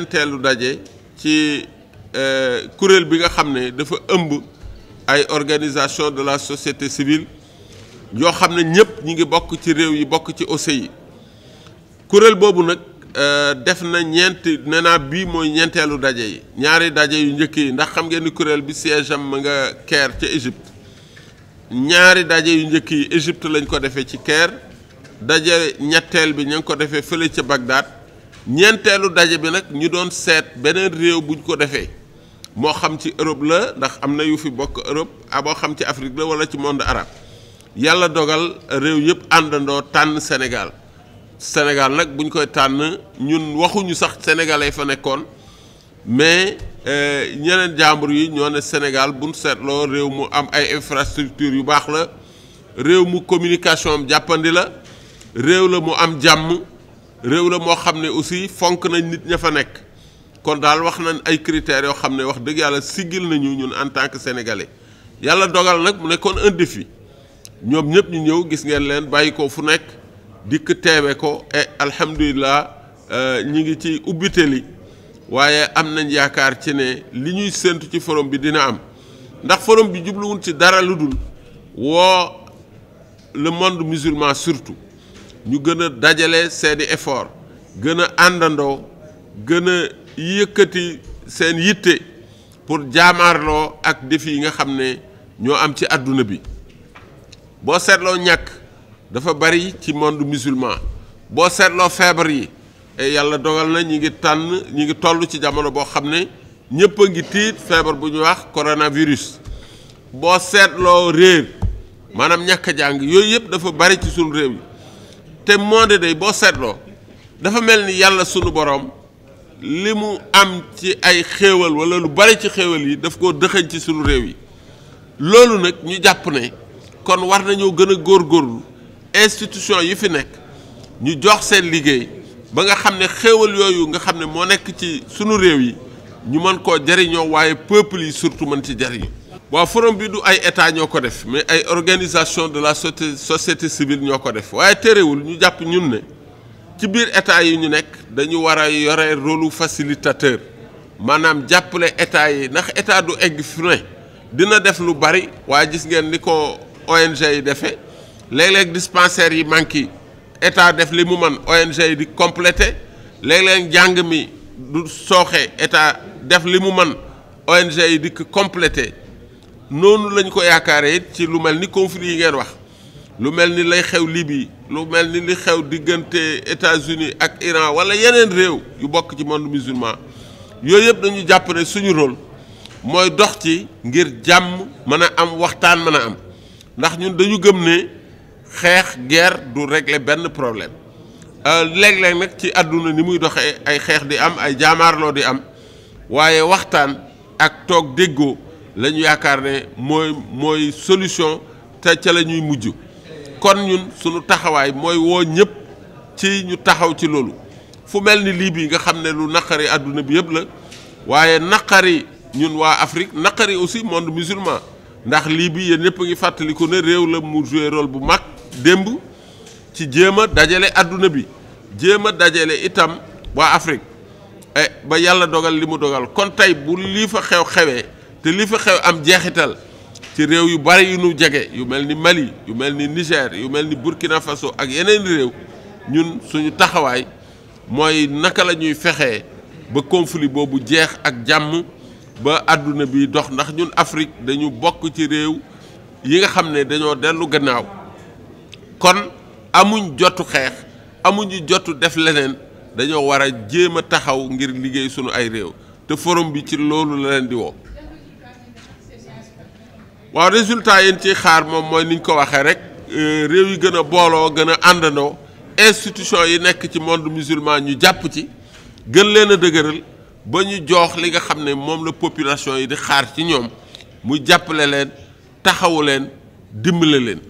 ñeenteelu daje ci euh, kuréel bi nga xam ne dafa ëmb ay organisation de la société civile yoo xam ne ñëpp ñi ngi bokk ci réew yi bokk ci OCI kuréel boobu nag euh, def na ñeenti nee bii mooy ñeenteelu daje yi ñaari daje yu njëkk yi ndax xam ngeen ni kuréel bi siège am nga Caire ca Égypte ñaari daje yu njëkk yi Égypte lañ ko defee ci Caire daje ñetteel bi ña ngi ko defee fële ca Bagdad ñeenteelu daje bi nag ñu doon seet beneen réew bu ñu ko defee moo xam ci Europe la ndax am na yu fi bokk Europe a boo xam ci Afrique la wala ci monde arabe yàlla dogal réew yëpp àndandoo tànn Sénégal Sénégal nag bu ñu koy tànn ñun waxuñu sax sénégalais fa nekkoon mais euh, ñeneen jàmbur yi ñoo ne Sénégal bu seetloo réew mu am ay infrastructures yu baax la réew mu communication jàppandi la réew la mu am jàmm. réew la moo xam ne aussi fonk nañ nit ña fa nekk kon daal wax nañ ay critères yoo xam ne wax dëgg yàlla siggil nañu ñun en tant que sénégalais yàlla dogal nag mu nekkoon indi défi ñoom ñëpp ñu ñëw gis ngeen leen bàyyi ko fu nekk dikk teewe ko et alhamdulilah euh, ñi ngi ci ubbite li waaye am nañ yaakaar ci ne li ñuy séentu ci forom bi dina am ndax forom bi jubluwul ci dara lu dul woo le monde musulman surtout ñu gën a dajale seeni effort gën a àndandoo gën a yëkkati seen yitte pour jaamaarloo ak défi yi nga xam ne ñoo am ci àdduna bi boo seetloo ñàkk dafa bari ci monde musulman boo seetloo feebar yi et eh, yàlla dogal na ñi ngi tànn ñi ngi toll ci jamono boo xam ne ñëpp a ngi tiit feebar bu ñu wax coronavirus boo seetloo réer maanaam ñàkk jàng yooyu yëpp dafa bari ci sunu réew yi te monde day boo seetloo dafa mel ni yàlla sunu boroom li mu am ci ay xéewal walla lu bari ci xéewal yi daf koo dëxañ ci sunu réew yi loolu nag ñu jàpp ne kon war nañoo gën a góorgóorlu institution yi fi nekk ñu jox seen liggéey ba nga xam ne xéewal yooyu nga xam ne moo nekk ci sunu réew yi ñu mën koo jariñoo waaye peuple yi surtout mën ci jariñu waaw forum bi du ay état ñoo ko def mais ay organisation de la société société civile ñoo ko def waaye terewul ñu jàpp ñun ne ci biir état yi ñu nekk dañu war a yore rôle facilitateur maanaam jàppale état yi ndax état du egg fu dina def lu bari waaye gis ngeen ni ko ONG yi defe léeg-léeg yi manqué état def li mu man ONG yi di complété léeg jàng mi du sooxe état def li mu man ONG yi di ko noonu lañ ko yaakaaree it ci lu mel ni conflit yi ngeen wax lu mel ni lay xew Libye lu mel ni li xew diggante États-Unis ak Iran wala yeneen réew yu bokk ci monde musulman yooyu yëpp dañu jàpp suñu rol mooy dox ci ngir jàmm mën a am waxtaan mën a am ndax ñun dañu gëm ne xeex guerre du regle benn problème euh, léeg-léeg nag ci àdduna ni muy doxee ay xeex di am ay jaamaarloo di am waaye waxtaan ak toog déggoo lañu yaakaar ne mooy mooy solution te ca la ñuy mujj kon ñun suñu taxawaay mooy woo ñëpp ci ñu taxaw ci loolu fu mel ni lii bi nga xam ne lu naqari àdduna bi yëpp la waaye naqari ñun waa Afrique naqari aussi monde musulman ndax lii bi yéen ñëpp a ngi fàttaliku ne réew la mu joué bu mag démb ci jéem a dajale àdduna bi jéem a dajale itam waa Afrique eh, ba yàlla dogal li mu dogal kon tey bu lii fa xew xewee te li fi xew am jeexital ci réew yu bari yu nu jege yu mel ni Mali yu mel ni Niger yu mel ni Burkina Faso ak yeneen réew ñun suñu taxawaay mooy naka la ñuy fexee ba conflit boobu jeex ak jàmm ba àdduna bi dox ndax ñun Afrique dañu bokk ci réew yi nga xam ne dañoo dellu gannaaw kon amuñ jotu xeex amuñu jotu def leneen dañoo war a jéem a taxaw ngir liggéey sunu ay réew te forom bi ci loolu la leen di woo waaw résultat yi ciy xaar moom mooy ni ñu ko waxee rek euh, réew yi gën a booloo gën a àndandoo institution yi nekk ci monde musulman ñu jàpp ci gën leen a dëgëral ba ñu joox li nga xam ne moom la population yi di xaar ci ñoom mu jàppale leen taxawu leen dimbale leen.